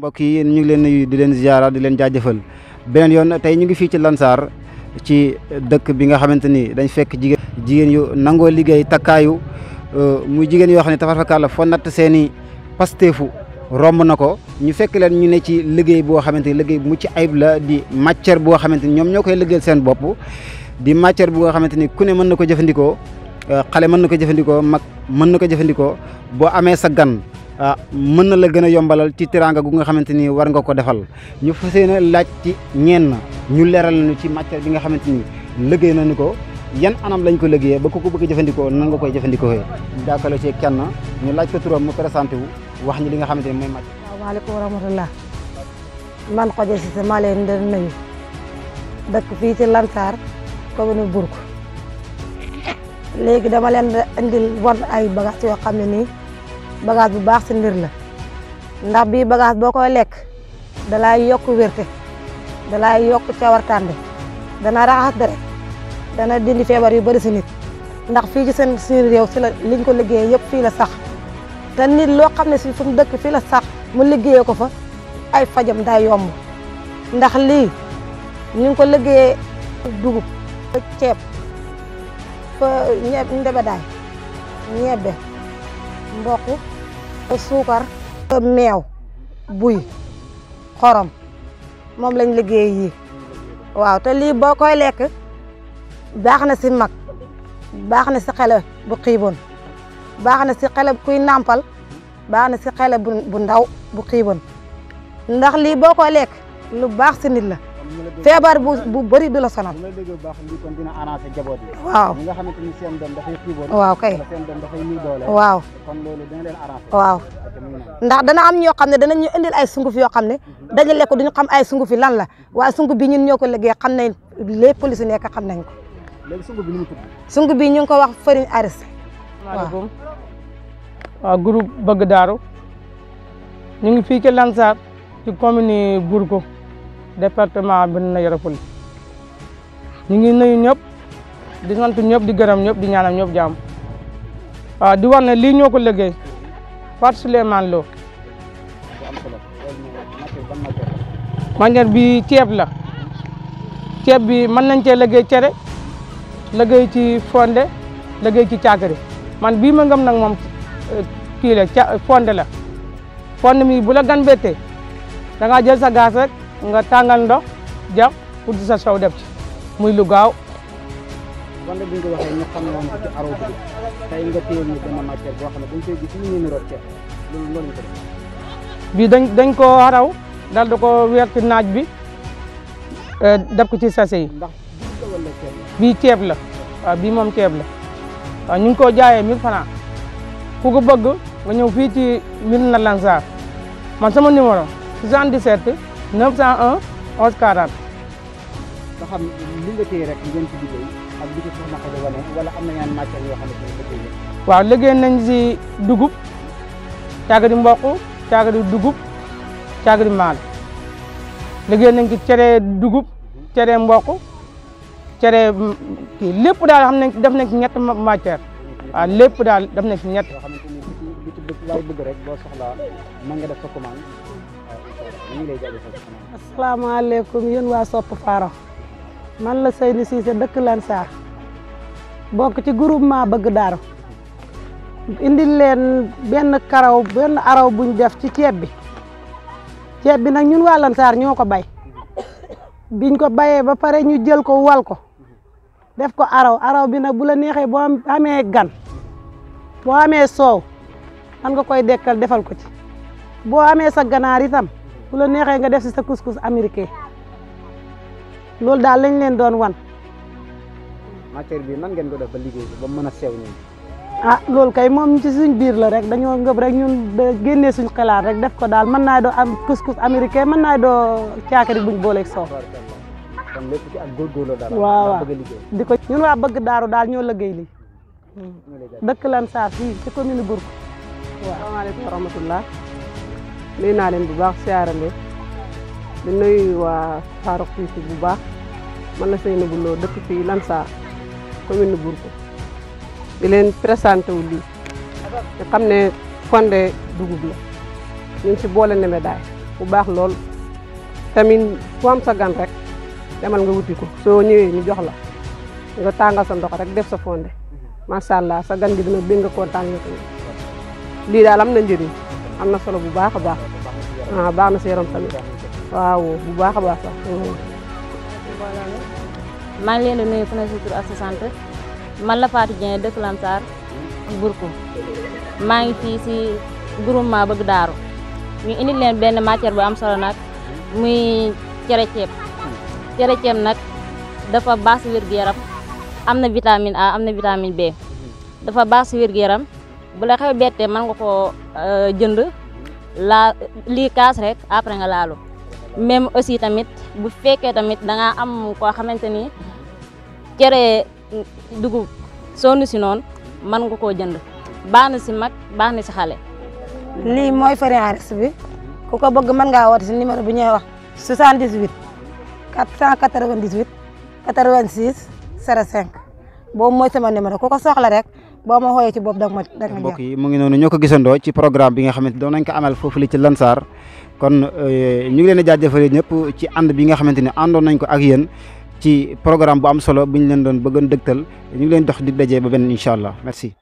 mbokk yi ñu ngi leen nuyu di leen ziara di leen jaajëfal beneen yoon tey ñu ngi fii ci Lansar ci dëkk bi nga xamante ni dañ fekk jigéen jigéen yu nangoo liggéey takkaayu euh, mu jigéen yoo xam ne tafarfakalla foo natt seen i fu romb na ko ñu fekk leen ñu ne ci liggéey boo xamante ni liggéey bu ci ayib la di matière boo xamante ni ñoom ñoo koy liggéeyal seen bopp di matière bu nga xamante ni ku ne mën na ko jëfandikoo euh, xale mën na ko jëfandikoo mag mën na ko jëfandikoo boo amee sa gan ah mën na la gën a yombalal ci teraanga gu nga xamante ni war nga ko defal ñu fas yéene laaj ci ñenn ñu leeral nañu ci matière bi nga xamante ni liggéey nañu ko yan anam lañ ko liggéeyee ba ko bëgg a jëfandikoo nan nga koy jëfandikoo daakalo ci kenn ñu laaj ko turam mu présenté wu wax ñi li nga xamante ni mooy matière. waaw maaleykum wa rahmatulah man Khoudia Cissé maa leen di nuyu dëkk fii ci Lansar commune Bourg léegi dama leen indil won ay bagages yoo xam ne bagage bu baax si ndir la ndax bi bagage boo koy lekk dalay yokk wérte dalay yokk cawartande dana raxas deret dana dindi feebar yu bëri si nit ndax fii ci seen suñu réew si la liñ ko liggéeyee yëpp fii la sax te nit loo xam ne si fu mu dëkk fii la sax mu liggéeyee ko fa ay fajam day yomb ndax lii ñu ngi ko liggéeyee dugub ceeb fa ñebe ndebedaay ñebe mboq suukar meew buy xorom moom lañ liggéey yi waaw te lii boo koy lekk baax na si mag baax na si xale bu xiiboon baax na si xale kuy nàmpal baax na si xale bu ndaw bu xiiboon ndax lii boo koy lekk lu baax si nit la feebar bu bu bëri du la sonal. waaw. waaw kay. waaw. waaw. ndax dana am ñoo xam ne danañ ñu indil ay sunguf yoo xam ne mhm. dañu lekk duñu xam ay sunguf yi lan la waaye sunguf bi ñun ñoo ko liggéey xam nañ les police nekk xam nañ ko. léegi sunguf bi nu mu tudd. sunguf bi ñu ngi ko wax Fariñ Aris. waaw waaw groupe Bëgg Daaru ñu ngi fii ci Lansar ci commune Gourko. département bi na Yoro Fouly ñu ngi nuyu ñëpp di sant ñëpp di gërëm ñëpp di ñaanal ñëpp jàmm waaw di wax lii ñoo ko liggéey Fatou Souleymane Lo manière bi ceeb la ceeb bi mën nañ cee liggéey cere liggéey ci fonde liggéey ci caakiri man bii ma ngëm nag moom euh, kii la fonde la fonde mi bu la gan bettee da jël sa gaas rek nga tàngal ndox jàpp pour di sa sow muy lu gaaw. kon nag bu ñu ko waxee ci arrosé dañ ko bii dañ dañ koo araw dal da ko weer ci naaj bi eh, def ko ci sase yi. ndax bii ceeb la waaw bii moom ceeb la waaw ñu ngi koo jaayee 1000 francs ku ko bëgg nga ñëw fii ci Médina Lansar man sama numéro 77. 901 11 40. nga xam li nga téye rek ngeen ci waaw liggéey nañ si dugub càggadi mboq càggadi dugub càggadi maal liggéey nañ ci cere dugub cere mboq cere kii lépp daal xam nañ def nañ ci ñett matière waaw lépp daal def nañ ci ñett. yoo xamante ni bëgg bëgg rek nga def sa asalaamaaleykum yéen waa Sopp Faro man la Seyni Cissé dëkk Lansar bokk ci groupement bëgg daaru indi leen benn karaw benn araw buñ def ci ceeb bi ceeb bi nag ñun waa Lansar ñoo ko bay biñ ko bayee ba pare ñu jël ko wal ko def ko araw araw bi nag bu la neexee boo amee gan boo amee soow man nga koy dekkal defal ko ci boo amee sa ganaar itam bu la nexé nga def ci sa couscous américain loolu daal lañ leen doon wan. matière bi nan ngeen ko def ba liggéey ba mëna sew ñu ah loolu kay mom ci suñ biir la rek dañoo ngëb rek ñun génné suñ xalaat rek def ko daal mën naa do am couscous américain mën naa do caakiri buñ booleeg soow. kon lépp ci ak góorgóorlu daal. waaw waaw di ko ñun bëgg daaru daal ñoo liggéey dëkk lan ci commune wa rahmatullah nuyu naa leen bu baax siyaare leen di nuyu waa Farokh TV bu baax man la Seynabou Lo dëkk fii Lansar commune Bourko di leen présenté wu lii nga xam ne fonde dugub la ñu ngi si boole nebedaay bu baax lool tamit ku am sa gan rek demal nga wuti ko soo ñëwee ñu jox la nga tàngal sa ndox rek def sa fonde mhm. macha allah sa gan gi dina bëgg nga kontaan nga lii daal am na njëriñ. am na solo bu baax a baax ah baax na si yaram tamit waaw bu baax a baax sax. maa ngi leen di nuyu ku ne si ak sant man la Fatou Dieng dëkk Lamsar Bourkoum maa ngi fii si groupement bëgg daaru muy indi leen benn matière bu am solo nag muy cere ceeb cere ceeb nag dafa baax si wér-gu-yaram am na vitamine A am na vitamine B dafa baax si wér-gu-yaram bu la xew bettee man nga ko euh, jënd la li kaas rek après nga laalu même aussi tamit bu fekkee tamit da nga am ko xamanteni kéré cere dugub sonn si noonu mën nga ko jënd baana na si mag baax na si xale. lii mooy Fariharis bi ku ko bëgg man nga wote ci numéro bu ñuy wax 78 498 86 05 boobu moy sama numéro ku soxla rek boo mo xooyee ci bop dag ma dag nga bokki mo ngi nonu ñoko ko ci programme bi nga xamanteni do nañ ko amal fofu li ci Lansar kon euh, ñu ngi leen di jaajëfal ñëpp ci and bi nga xamanteni ne nañ ko ak yeen ci programme bu am solo bu leen doon bëggoon dëgtal ñu ngi leen dox di dajé ba ben inshallah merci